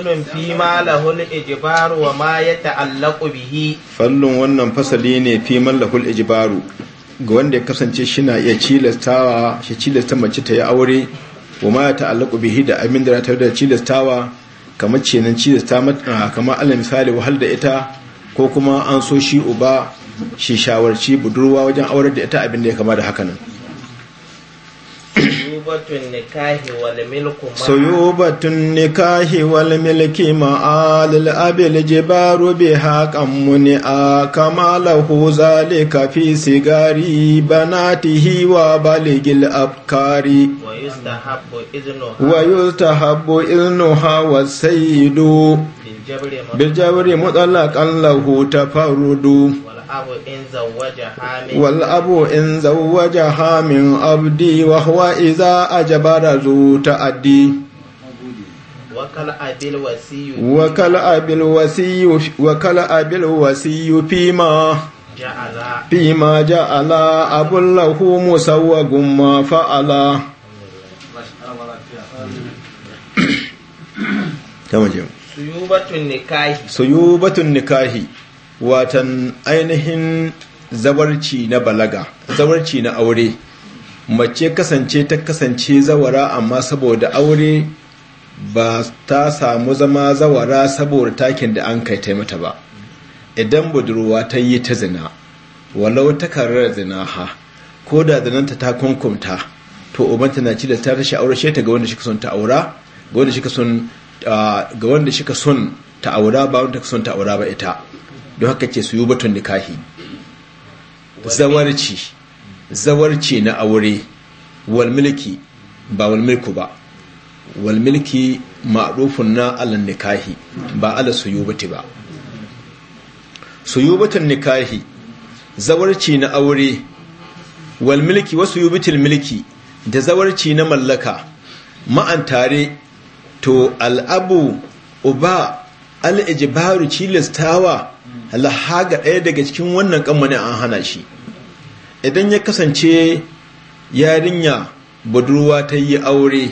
Fallon fi ma lahul ijibaru wa ma ya ta'allaku bihi. Fallon wannan fasali ne fi ma lahul ijibaru ga wanda ya kasance shi na iya cilastawa shi cilasta mace ta yi aure wa ma ya ta'allaku bihi da abin da ta da cilastawa kamar ce nan cilasta mata kamar alal misali wahal da ita ko kuma an so shi uba shi shawarci budurwa wajen aure da ita abin da ya kama da hakanan. suyubatun nikahi wal nikahi wal milki ma alil abil jibaru biha muni a kama lahu zalika fi sigari banatihi wa baligil abkari wa yustahabbu iznuha wa sayyidu matsala mutlaqan lahu tafarrudu والأب إن زوجها من عبدي وهو إذا أجبر ذو تأدي وكالأب الوسي وكالأب الوسي فيما فيما جعل أب له مسوغ ما فعل كما جاء سيوبة النكاح سيوبة النكاح watan ainihin zawarci na balaga zawarci na aure mace kasance ta kasance zawara amma saboda aure ba ta samu zama zawara saboda takin da an kai ta mata ba idan budurwa ta yi ta zina walau ta karar zina ha ko da zinanta ta kunkumta to ubanta na ci da ta rashi aure ta ga wanda shi son ta aura ga wanda shi ah, son ta aura ba wanda son ta aura ba ita don haka ce su yi batun nikahi zawarci zawarci na aure walmilki ba walmilku ba walmilki ma'arufin na alan nikahi ba ala suyubati ba Su yi suyubatin nikahi zawarci na aure walmilki wasu yubitin milki da zawarci na mallaka ma'an tare to al'abu uba al'ijibaru cilistawa ga ɗaya daga cikin wannan kammanin an hana shi idan ya kasance yarinya budurwa ta yi aure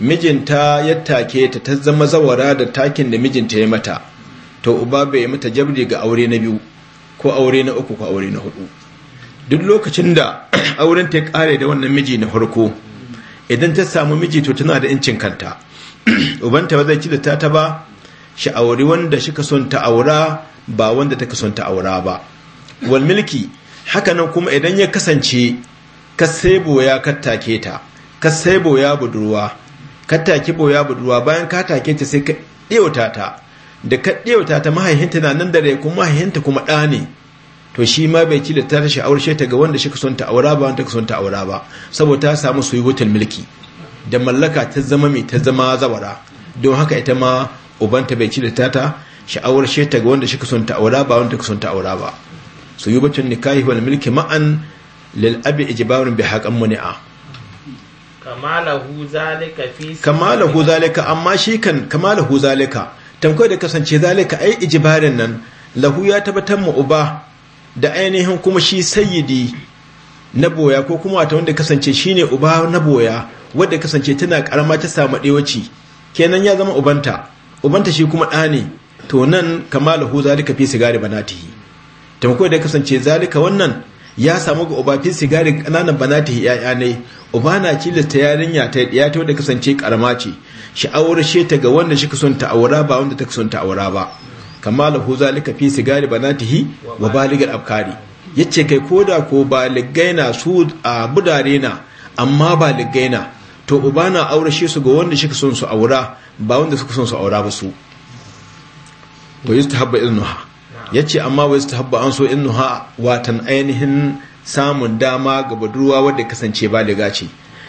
mijinta ya take ta ta zama zawara da takin da mijinta ya mata to uba bai mata jabri ga aure na biyu ko aure na uku ko aure na hudu duk lokacin da auren ta kare da wannan miji na farko idan ta samu miji to tana da incin kanta ubanta ba zai ci da ta ta ba sha'awari wanda shi son ta aura ba wanda ta son ta aura ba wal milki hakanan kuma idan ya kasance ka sai boya ka ta ka sai boya budurwa ka boya budurwa bayan ka take ta sai ka ɗewata ta da ka ɗewata ta mahaihinta na nan da rai kuma mahaihinta kuma ɗa ne to shi ma bai ci da ta tashi aure ta ga wanda shi ka son ta aura ba wanda ka son ta aura ba saboda ta samu suyutul mulki da mallaka ta zama mai ta zama zawara don haka ita ma ubanta bai ci da tata sha'awar she ta ga wanda shi son ta'aura ba wanda son ta'aura ba su yi bacin nikahi wani milki ma'an lil ijibarin bi haƙan muni'a kamalahu zalika zalika amma shi kan kamalahu zalika tamkai da kasance zalika ai ijibarin nan lahu ya tabbatar mu uba da ainihin kuma shi sayyidi na boya ko kuma wata wanda kasance shine uba na boya wanda kasance tana karama ta samu ɗewaci kenan ya zama ubanta ubanta shi kuma ɗa ne to nan kamalahu zalika fi sigari banatihi taimako da kasance zalika wannan ya samu ga uba fi sigari ƙananan banatihi ya'ya ne uba na cilasta yarinya ta ya ta da kasance karama ce sha'awar she ta ga wanda shi son ta aura ba wanda ta son ta aura ba kamalahu zalika fi sigari banatihi wa baligar Ya yace kai koda ko baligai na su a budare na amma baligai na to uba na aure shi su ga wanda shi son su aura ba wanda suka son su aura ba su wa yustahabba innuha ce amma wa yustahabba an so innuha watan ainihin samun dama ga budurwa wadda kasance ba da gaci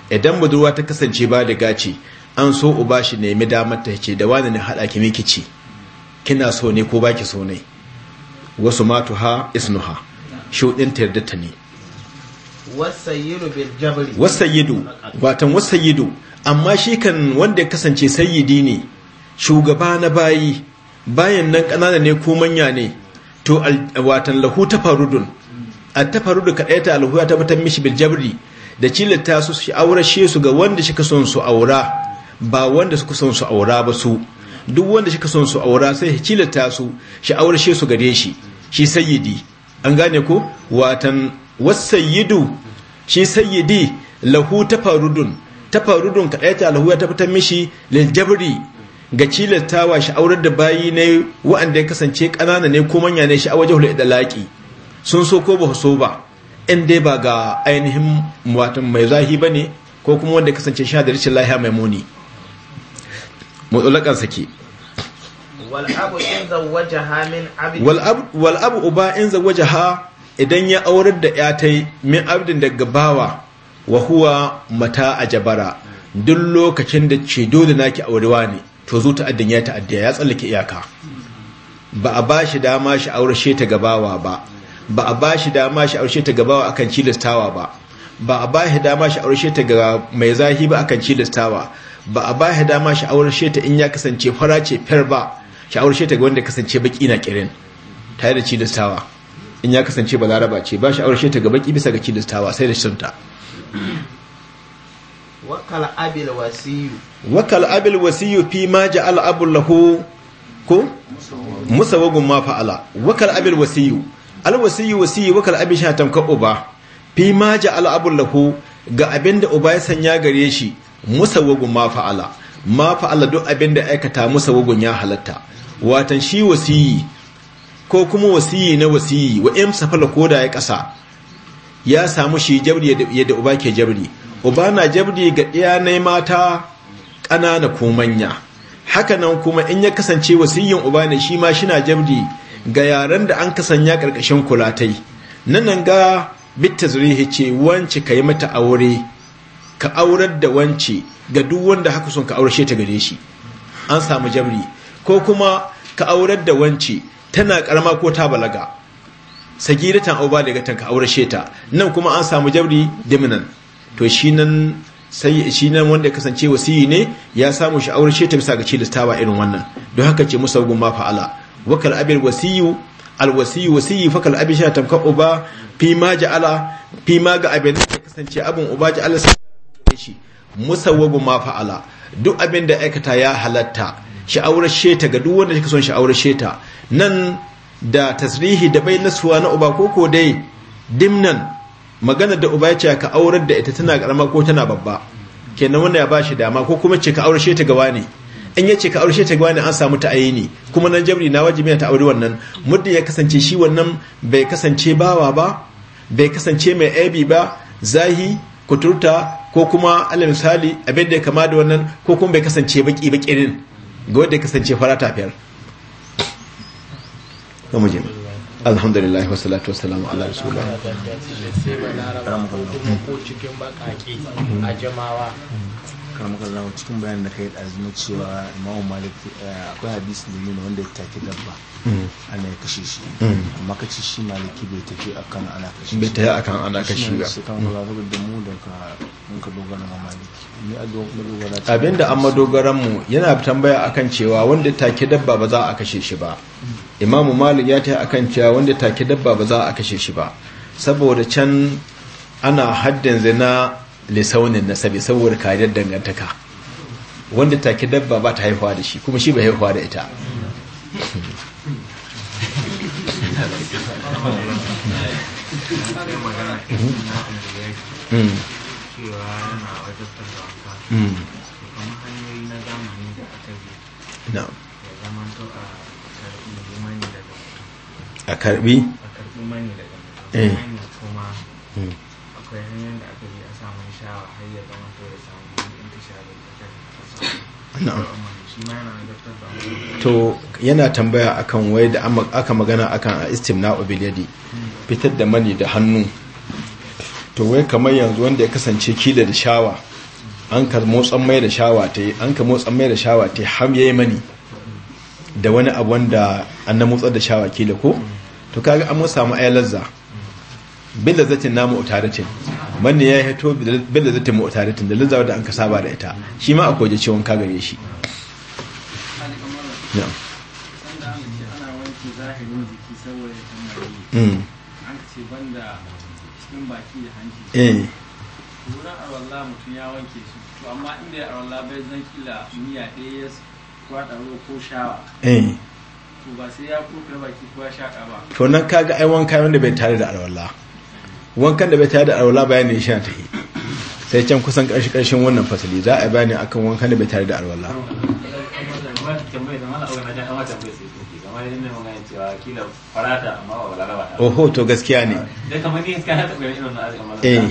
idan budurwa ta kasance ba da gaci an so uba shi nemi damar ta ce da wani ne hada ki miki ci kina so ne ko baki so ne wasu matuha isnuha shudin ta yarda ta ne wasayidu watan Wasayidu. amma shi kan wanda ya kasance sayyidi ne shugaba na bayi bayan nan kanana ne ko manya ne to watan lahu farudun a ta ka kaɗai ta alhu ta tabbatar mishi bil jabri da cilata su shi aurashe su ga wanda shi ka son su aura ba wanda suka son su aura ba su duk wanda shi ka son su aura sai shi cilata su shi aurashe su gare shi shi sayyidi an gane ko watan wasayyidu shi sayyidi lahu farudun tafarudun ta lahu ya tabbatar mishi lil jabri ga cilatawa sha'aurar da bayi ne wa'anda ya kasance ƙanana ne ko manya ne sha'awar jahul idalaki sun so ko ba so ba in dai ba ga ainihin watan mai zahi ba ne ko kuma wanda ya kasance sha da rashin lahiya mai muni mutsulakan sake wal'abu uba in zawajaha idan ya aurar da ya ta min abdin daga bawa wa huwa mata a jabara duk lokacin da ce dole naki aurewa ne to zo ta'addin ya ta'addiya ya tsallake iyaka ba a ba shi dama shi aurashe ta gabawa ba ba a ba shi dama shi aurashe ta gabawa akan cilastawa ba ba a ba shi dama shi aurashe ta ga mai zahi ba akan cilastawa ba a ba shi dama shi aurashe ta in ya kasance fara ce fer ba shi aurashe ta ga wanda kasance baki na kirin tare da cilastawa in ya kasance balaraba ce ba shi aurashe ta ga baki bisa ga cilastawa sai da sunta wakal abil wasiyu abil wasiyu fi ma ja'al abul lahu ko musawagun ma fa'ala wakal abil wasiyu al wasiyu wasiyu wakal abin shatan tamka uba fi ma ja'al abul lahu ga abinda uba ya sanya gare shi musawagun ma fa'ala ma fa'ala duk abinda aikata musawagun ya halatta watan shi wasiyi ko kuma wasiyi na wasiyi wa imsa fala koda ya kasa ya samu shi jabri yadda uba ke jabri uba na jabri ga ɗaya na mata ƙanana ko manya nan kuma in ya kasance wasiyyin uba ne shi ma shina jabri ga yaren da an kasanya ƙarƙashin kulatai nan ga bitta zurihi ce wance ka yi mata aure ka aurar da wance ga duk wanda haka sun ka aurashe ta gare shi an samu jabri ko kuma ka aurar da wance tana ƙarama ko ta balaga sagiratan au baligatan ka aure sheta nan kuma an samu jabri diminan to shi nan sai shi nan wanda kasance wasiyi ne ya samu shi aure sheta bisa ga cilistawa irin wannan don haka ce musa gun ma fa'ala wakal abil wasiyu wasiyu wasiyi fakal abin shi tamka uba fi ma ja'ala fi ma ga abin da kasance abin uba ja'ala sai shi musawwabu ma fa'ala duk abin da aikata ya halatta sha'awar sheta ga duk wanda kake son sha'awar sheta nan da tasrihi da bai nasuwa na uba koko dai dimnan magana da uba ya ce ka aurar da ita tana karama ko tana babba kenan wannan ya bashi dama ko kuma ce ka aure ta gawa ne in yace ka aure ta gawa ne an samu ta ayini kuma nan jabri na wajibi ta aure wannan muddin ya kasance shi wannan bai kasance bawa ba bai kasance mai aibi ba zahi kuturta ko kuma alal misali abin da ya kama da wannan ko kuma bai kasance baki baki din ga wanda ya kasance farata fiyar. to mu je alhamdulillah wa salatu wa salamu ala rasulullah cikin bakaki a jamawa karmakar cikin bayan da kai ɗazu na cewa imamu malik eh, akwai hadisi da nuna wanda ya take dabba mm. ana ya kashe shi mm. amma kace shi maliki bai tafi akan ana kashe shi bai tafi akan ana kashe ba shi kan ba da mu daga mun ka dogara ga maliki ni a dogara ta Abin da an madogaran mu yana tambaya akan cewa wanda take dabba ba za a kashe shi ba imamu malik ya tafi akan cewa wanda take dabba ba za a kashe shi ba saboda can ana haddin zina lisaunin nasabi saboda kariyar dangantaka wanda take dabba ba ta haihuwa da shi kuma shi bai haihuwa da ita hmm. Hmm. a karbi a karbi mani daga eh. mutum akwai hanyoyin da aka yi a samun shawa har ya zama to da samu intisharin to yana tambaya akan wai da aka magana akan a istimna obiliyadi fitar da mani da hannu to wai kamar yanzu wanda ya kasance kila da shawa an ka motsan mai da shawa ta yi an ka motsan mai da shawa ta yi ham yi mani da wani abu wanda an na motsar da shawa kila ko to kaga an samu ayalazza. lazza bil lazzatin na mu'tadatin man ya hito bil lazzatin mu'tadatin da lazzawa da an ka saba da ita shi ma akwai da ciwon ka gare shi hmm. eh. ya ya eh. to ba sai ya kuka baki ba to nan kaga ai wanka wanda bai tare da alwala wankan da bai tare da alwala bayani shi ta yi sai can kusan karshen wannan fasali za a bayani akan wankan da bai tare da alwala oho to gaskiya ne eh,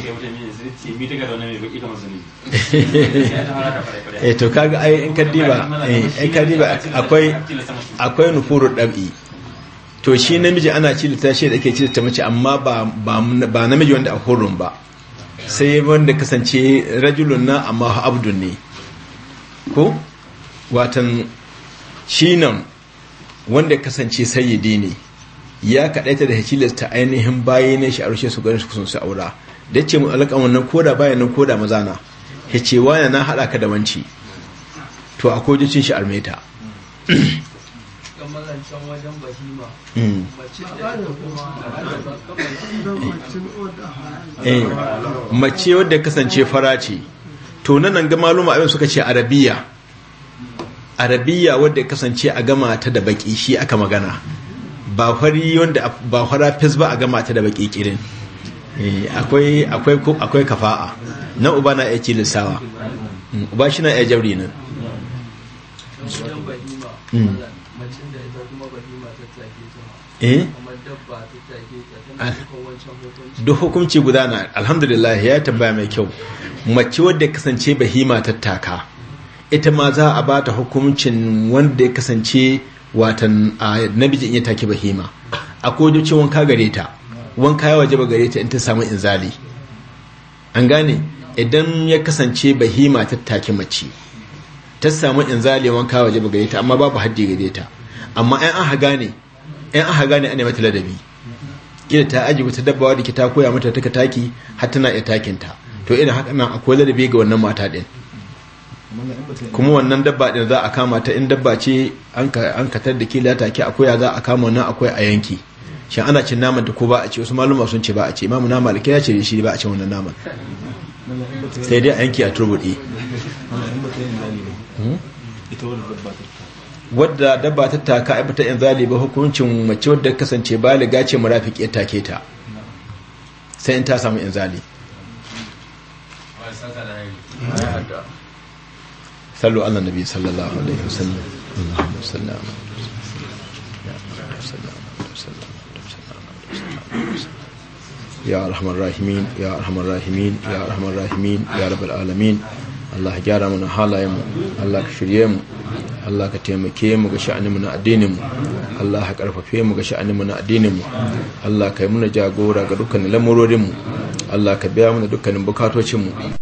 eh to kaga ai in kaddiba eh, akwai akwai nufuru dab'i to shi namiji ana ci da tashi da ake ta mace amma ba namiji wanda a hurun ba sai wanda kasance rajulun na amma abdun ne ko watan shi nan wanda kasance sayyidi ne ya kaɗaita da ta ainihin baye ne shi a rushe su ganin su su aura da ce mu alaƙa wannan koda bayan nan koda mazana na na haɗa ka da wanci to a kojin shi almeta Hmm. Eh, mace wadda kasance fara ce to nan ga maluma abin suka ce arabiya arabiya wadda kasance a gama ta da baki shi aka magana ba fari wanda ba fara fes ba a gama ta da baki kirin eh, akwai akwai akwai kafa'a nan uba na iya lissawa, hmm, uba shi na iya jauri nan Eh? duk hukunci guda na alhamdulillah ya tambaya mai kyau mace wadda kasance bahima tattaka ita ma za a ba ta hukuncin wanda ya kasance watan bijin ya take bahima a kodin ce wanka gare ta wanka ya waje ba gare ta in ta samu inzali an gane idan ya kasance bahima tattake mace ta samu inzali wanka waje ba gare ta amma babu haddi gare ta amma ‘yan an haga ne ‘yan an haga ne ana mata ladabi kila ta aji wata dabbawa da ke ta koya mata ta taki har tana iya takinta to ina haka nan akwai ladabi ga wannan mata ɗin kuma wannan dabba ɗin za a kama ta in dabba ce an katar da kila take akwai za a kama wannan akwai a yanki shi ana cin naman ta ko ba a ce wasu maluma sun ce ba a ce imamu na maliki ya ce shi ba a ce wannan naman sai dai a yanki a turbuɗe ita wadda dabba ta wadda dabba ta taka a bata in zali ba hukuncin mace wadda kasance ba ce murafiki ya take ta sai in ta samu in zali sallu ala nabi sallallahu alaihi wasallam Allahumma Ya ala rahimin, ya الراحمين rahimin, ya rahimin, ya alamin, Allah gyara mana halayenmu Allah ka shirye mu Allah ka taimake mu ga sha'aninmu na addininmu Allah ka karfafe mu ga sha'aninmu na addininmu Allah ka yi muna jagora ga dukkanin lamurorinmu Allah ka biya mana dukkanin bukatocinmu